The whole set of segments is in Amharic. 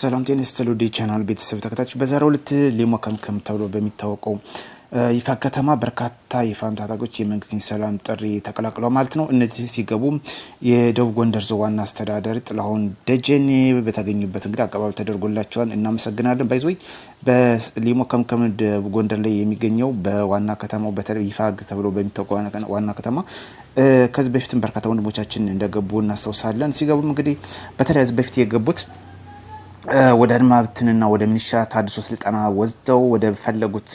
ሰላም ጤና ስትሉ ዲ ቻናል ቤተሰብ ተከታዮች፣ በዛሬው ዕለት ከምከም ተብሎ በሚታወቀው ይፋ ከተማ በርካታ የፋኖ ታጣቂዎች የመንግስትን ሰላም ጥሪ ተቀላቅለው ማለት ነው። እነዚህ ሲገቡ የደቡብ ጎንደር ዞን ዋና አስተዳደር ጥላሁን ደጀኔ በተገኙበት እንግዲህ አቀባበል ተደርጎላቸዋል። እናመሰግናለን። ባይዞይ ከምከም ደቡብ ጎንደር ላይ የሚገኘው በዋና ከተማው በተለይ ይፋ ተብሎ በሚታወቀው ዋና ከተማ ከዚህ በፊትም በርካታ ወንድሞቻችን እንደገቡ እናስታውሳለን። ሲገቡም እንግዲህ በተለይ በፊት የገቡት ወደ አድማ ብተናና ወደ ሚሊሻ ታድሶ ስልጠና ወስደው ወደ ፈለጉት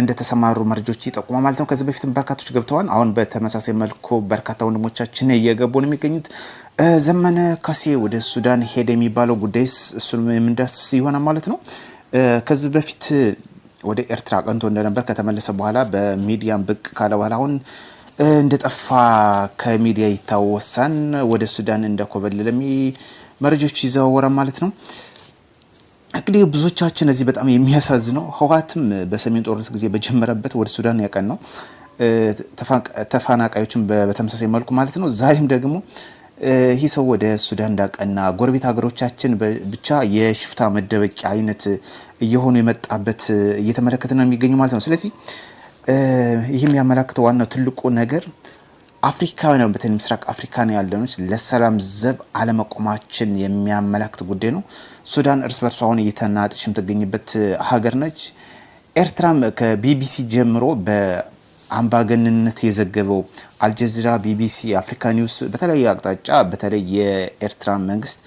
እንደተሰማሩ መረጃዎች ይጠቁማ ማለት ነው። ከዚህ በፊትም በርካቶች ገብተዋል። አሁን በተመሳሳይ መልኩ በርካታ ወንድሞቻችን እየገቡ ነው የሚገኙት። ዘመነ ካሴ ወደ ሱዳን ሄደ የሚባለው ጉዳይስ እሱ የምንዳስስ ይሆናል ማለት ነው። ከዚህ በፊት ወደ ኤርትራ ቀንቶ እንደነበር ከተመለሰ በኋላ በሚዲያም ብቅ ካለ በኋላ አሁን እንደጠፋ ከሚዲያ ይታወሳን ወደ ሱዳን እንደኮበለለ መረጃዎች ይዘዋወራል ማለት ነው። እንግዲህ ብዙዎቻችን እዚህ በጣም የሚያሳዝነው ህወሓትም በሰሜን ጦርነት ጊዜ በጀመረበት ወደ ሱዳን ያቀን ነው ተፈናቃዮችን በተመሳሳይ መልኩ ማለት ነው። ዛሬም ደግሞ ይህ ሰው ወደ ሱዳን እንዳቀና ጎረቤት ሀገሮቻችን ብቻ የሽፍታ መደበቂያ አይነት እየሆኑ የመጣበት እየተመለከተ ነው የሚገኙ ማለት ነው። ስለዚህ ይህ የሚያመላክተው ዋናው ትልቁ ነገር አፍሪካውያን በተለይ ምስራቅ አፍሪካ ነው ያለነች ለሰላም ዘብ አለመቆማችን የሚያመላክት ጉዳይ ነው። ሱዳን እርስ በርሷ አሁን እየተናጠች የምትገኝበት ሀገር ነች። ኤርትራም ከቢቢሲ ጀምሮ በአምባገንነት የዘገበው አልጀዚራ፣ ቢቢሲ፣ አፍሪካ ኒውስ በተለያዩ አቅጣጫ በተለይ የኤርትራ መንግስት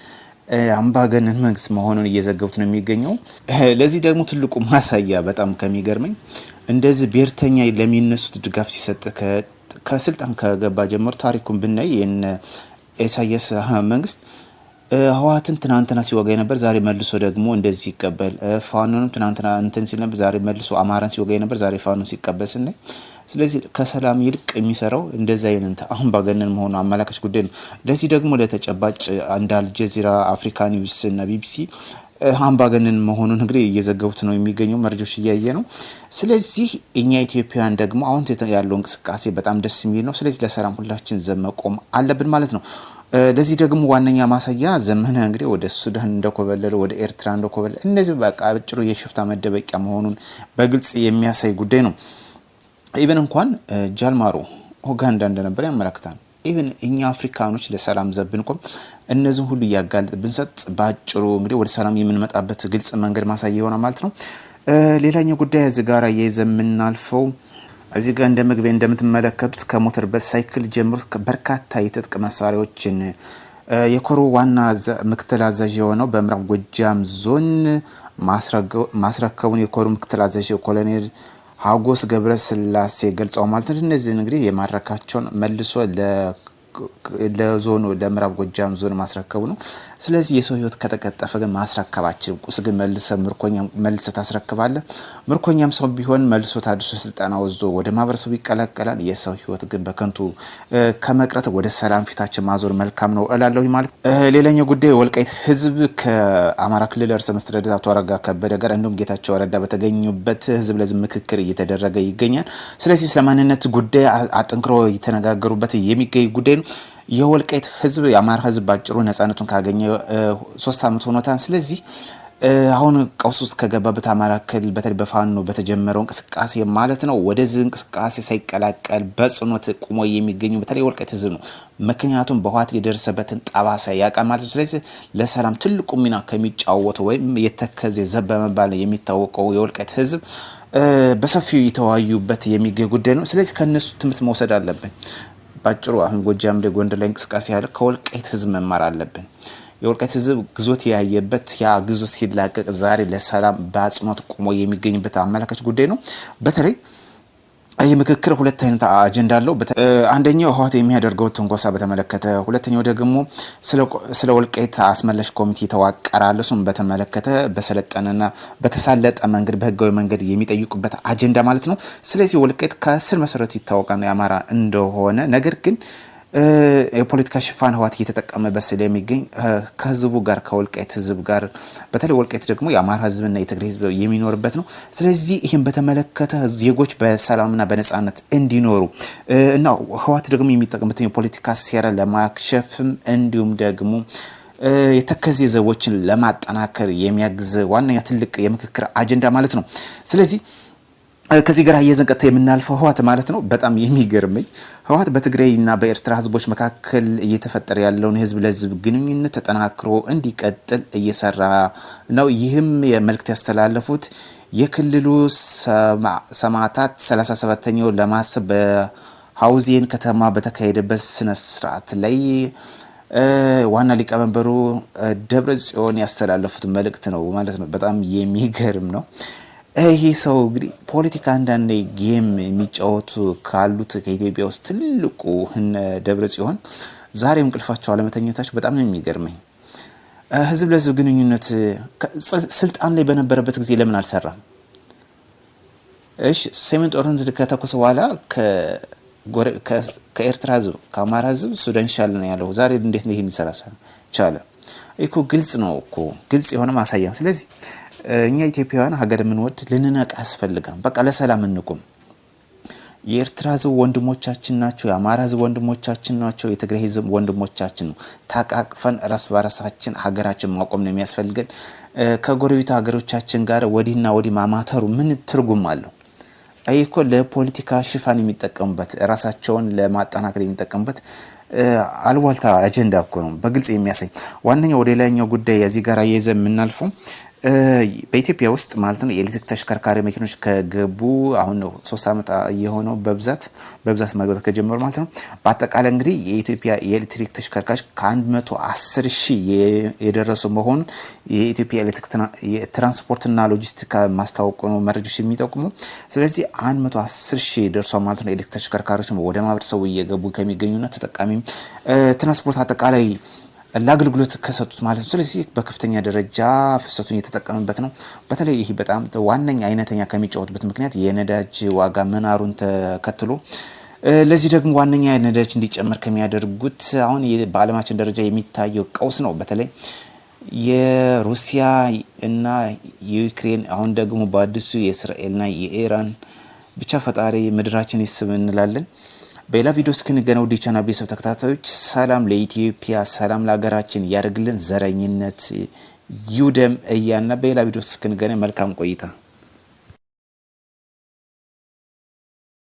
አምባገነን መንግስት መሆኑን እየዘገቡት ነው የሚገኘው። ለዚህ ደግሞ ትልቁ ማሳያ በጣም ከሚገርመኝ እንደዚህ ብሔርተኛ ለሚነሱት ድጋፍ ሲሰጥ ከስልጣን ከገባ ጀምሮ ታሪኩን ብናይ ይህን ኢሳያስ መንግስት ህወሓትን ትናንትና ሲወጋ ነበር፣ ዛሬ መልሶ ደግሞ እንደዚህ ሲቀበል፣ ፋኖንም ትናንትና እንትን ሲል ነበር፣ ዛሬ መልሶ አማራን ሲወጋ ነበር፣ ዛሬ ፋኖን ሲቀበል ስናይ ስለዚህ ከሰላም ይልቅ የሚሰራው እንደዚ አይነት አሁን ባገነን መሆኑ አመላካች ጉዳይ ነው። ለዚህ ደግሞ ለተጨባጭ እንደ አልጀዚራ፣ አፍሪካ ኒውስ እና ቢቢሲ አምባገነን መሆኑን እንግዲህ እየዘገቡት ነው የሚገኘው መረጃዎች እያየ ነው። ስለዚህ እኛ ኢትዮጵያውያን ደግሞ አሁን ያለው እንቅስቃሴ በጣም ደስ የሚል ነው። ስለዚህ ለሰላም ሁላችን ዘመቆም አለብን ማለት ነው። ለዚህ ደግሞ ዋነኛ ማሳያ ዘመነ እንግዲህ ወደ ሱዳን እንደኮበለለ ወደ ኤርትራ እንደኮበለለ እነዚህ በቃ አጭሩ የሽፍታ መደበቂያ መሆኑን በግልጽ የሚያሳይ ጉዳይ ነው። ኢቨን እንኳን ጃልማሮ ኡጋንዳ እንደነበረ ያመለክታል። ኢቨን እኛ አፍሪካኖች ለሰላም ዘብንቆም እነዚህ ሁሉ እያጋለጥ ብንሰጥ በአጭሩ እንግዲህ ወደ ሰላም የምንመጣበት ግልጽ መንገድ ማሳያ የሆነ ማለት ነው። ሌላኛው ጉዳይ እዚህ ጋር የይዘ የምናልፈው እዚህ ጋር እንደ መግቢያ እንደምትመለከቱት ከሞተር በሳይክል ጀምሮ በርካታ የትጥቅ መሳሪያዎችን የኮሮ ዋና ምክትል አዛዥ የሆነው በምዕራብ ጎጃም ዞን ማስረከቡን የኮሮ ምክትል አዛዥ ኮሎኔል ሀጎስ ገብረስላሴ ገልጸው ማለት ነው። እነዚህን እንግዲህ የማረካቸውን መልሶ ለዞኑ ለምዕራብ ጎጃም ዞን ማስረከቡ ነው። ስለዚህ የሰው ህይወት ከተቀጠፈ ግን ማስረከባችን ቁስ ግን መልሰ ምርኮኛ መልሰ ታስረክባለ። ምርኮኛም ሰው ቢሆን መልሶ ታድሶ ስልጠና ወዞ ወደ ማህበረሰቡ ይቀላቀላል። የሰው ህይወት ግን በከንቱ ከመቅረት ወደ ሰላም ፊታችን ማዞር መልካም ነው እላለሁ። ማለት ሌላኛው ጉዳይ ወልቃይት ህዝብ ከአማራ ክልል ርዕሰ መስተዳድር አቶ አረጋ ከበደ ጋር እንዲሁም ጌታቸው ረዳ በተገኙበት ህዝብ ለህዝብ ምክክር እየተደረገ ይገኛል። ስለዚህ ስለማንነት ጉዳይ አጠንክሮ የተነጋገሩበት የሚገኝ ጉዳይ ነው። የወልቃይት ህዝብ የአማራ ህዝብ ባጭሩ ነጻነቱን ካገኘ ሶስት ዓመት ሆኖታል። ስለዚህ አሁን ቀውስ ውስጥ ከገባበት አማራ ክልል በተለይ በፋኖ በተጀመረው እንቅስቃሴ ማለት ነው ወደዚህ እንቅስቃሴ ሳይቀላቀል በጽኖት ቁሞ የሚገኙ በተለይ ወልቃይት ህዝብ ነው። ምክንያቱም በህወሓት የደረሰበትን ጠባሳ ያውቃል ማለት ነው። ስለዚህ ለሰላም ትልቁ ሚና ከሚጫወቱ ወይም የተከዜ ዘብ በመባል የሚታወቀው የወልቃይት ህዝብ በሰፊው የተወያዩበት የሚገኝ ጉዳይ ነው። ስለዚህ ከእነሱ ትምህርት መውሰድ አለብን። ባጭሩ አሁን ጎጃም ላይ ጎንደር ላይ እንቅስቃሴ ያለ ከወልቃይት ህዝብ መማር አለብን። የወልቃይት ህዝብ ግዞት ያየበት ያ ግዞት ሲላቀቅ ዛሬ ለሰላም በአጽንኦት ቆሞ የሚገኝበት አመላካች ጉዳይ ነው። በተለይ ይህ ምክክር ሁለት አይነት አጀንዳ አለው። አንደኛው ህወሓት የሚያደርገው ትንኮሳ በተመለከተ፣ ሁለተኛው ደግሞ ስለ ወልቃይት አስመላሽ ኮሚቴ ይተዋቀራል፣ እሱም በተመለከተ በሰለጠነና በተሳለጠ መንገድ በህጋዊ መንገድ የሚጠይቁበት አጀንዳ ማለት ነው። ስለዚህ ወልቃይት ከስር መሰረቱ ይታወቃል የአማራ እንደሆነ ነገር ግን የፖለቲካ ሽፋን ህወሓት እየተጠቀመበት ስለሚገኝ ከህዝቡ ጋር ከወልቃይት ህዝብ ጋር በተለይ ወልቃይት ደግሞ የአማራ ህዝብና የትግራይ ህዝብ የሚኖርበት ነው። ስለዚህ ይህን በተመለከተ ዜጎች በሰላምና በነጻነት እንዲኖሩ እና ህወሓት ደግሞ የሚጠቅምበትን የፖለቲካ ሴራ ለማክሸፍም እንዲሁም ደግሞ የተከዜ ዘቦችን ለማጠናከር የሚያግዝ ዋነኛ ትልቅ የምክክር አጀንዳ ማለት ነው። ስለዚህ ከዚህ ጋር አያይዘን ቀጥታ የምናልፈው ህወሓት ማለት ነው። በጣም የሚገርመኝ ህወሓት በትግራይና በኤርትራ ህዝቦች መካከል እየተፈጠረ ያለውን ህዝብ ለህዝብ ግንኙነት ተጠናክሮ እንዲቀጥል እየሰራ ነው። ይህም የመልእክት ያስተላለፉት የክልሉ ሰማዕታት 37ኛው ለማሰብ በሀውዜን ከተማ በተካሄደበት ስነስርዓት ላይ ዋና ሊቀመንበሩ ደብረ ጽዮን ያስተላለፉት መልእክት ነው ማለት ነው። በጣም የሚገርም ነው። ይህ ሰው እንግዲህ ፖለቲካ አንዳንዴ ጌም የሚጫወቱ ካሉት ከኢትዮጵያ ውስጥ ትልቁ እነ ደብረጽዮን ዛሬ እንቅልፋቸው አለመተኘታቸው በጣም ነው የሚገርመኝ። ህዝብ ለህዝብ ግንኙነት ስልጣን ላይ በነበረበት ጊዜ ለምን አልሰራም? እሺ ሰሜን ጦርነት ከተኮሰ በኋላ ከኤርትራ ህዝብ ከአማራ ህዝብ ሱዳን ይሻል ነው ያለው። ዛሬ እንዴት ነው ይሄ ሊሰራ ቻለ? ይኮ ግልጽ ነው እኮ ግልጽ የሆነ ማሳያ ስለዚህ እኛ ኢትዮጵያውያን ሀገር የምንወድ ልንነቅ ያስፈልጋል። በቃ ለሰላም እንቁም። የኤርትራ ሕዝብ ወንድሞቻችን ናቸው። የአማራ ህዝብ ወንድሞቻችን ናቸው። የትግራይ ሕዝብ ወንድሞቻችን ነው። ታቃቅፈን እርስ በርሳችን ሀገራችን ማቆም ነው የሚያስፈልገን። ከጎረቤቱ ሀገሮቻችን ጋር ወዲህና ወዲህ ማማተሩ ምን ትርጉም አለው? ይህ እኮ ለፖለቲካ ሽፋን የሚጠቀሙበት ራሳቸውን ለማጠናከር የሚጠቀሙበት አልዋልታ አጀንዳ እኮ ነው። በግልጽ የሚያሳይ ዋነኛው ወደ ላይኛው ጉዳይ እዚህ ጋር እየይዘ የምናልፈው በኢትዮጵያ ውስጥ ማለት ነው የኤሌክትሪክ ተሽከርካሪ መኪኖች ከገቡ አሁን ነው ሶስት ዓመት የሆነው በብዛት በብዛት መግባት ከጀመሩ ማለት ነው። በአጠቃላይ እንግዲህ የኢትዮጵያ የኤሌክትሪክ ተሽከርካሪዎች ከ110 ሺህ የደረሱ መሆኑን የኢትዮጵያ ኤሌክትሪክ ትራንስፖርትና ሎጂስቲካ ማስታወቁ ነው መረጃዎች የሚጠቁሙ። ስለዚህ 110 ሺህ ደርሷል ማለት ነው። ኤሌክትሪክ ተሽከርካሪዎች ወደ ማህበረሰቡ እየገቡ ከሚገኙና ተጠቃሚ ትራንስፖርት አጠቃላይ ለአገልግሎት ከሰጡት ማለት ነው። ስለዚህ በከፍተኛ ደረጃ ፍሰቱን እየተጠቀምበት ነው። በተለይ ይህ በጣም ዋነኛ አይነተኛ ከሚጫወቱበት ምክንያት የነዳጅ ዋጋ መናሩን ተከትሎ ለዚህ ደግሞ ዋነኛ ነዳጅ እንዲጨምር ከሚያደርጉት አሁን በዓለማችን ደረጃ የሚታየው ቀውስ ነው። በተለይ የሩሲያ እና የዩክሬን አሁን ደግሞ በአዲሱ የእስራኤልና የኢራን ብቻ ፈጣሪ ምድራችን ይስብ እንላለን። በሌላ ቪዲዮ እስክንገና ውድ ቻና ቤተሰብ ተከታታዮች ሰላም ለኢትዮጵያ፣ ሰላም ለሀገራችን ያደርግልን፣ ዘረኝነት ይውደም እያልና በሌላ ቪዲዮ እስክንገና መልካም ቆይታ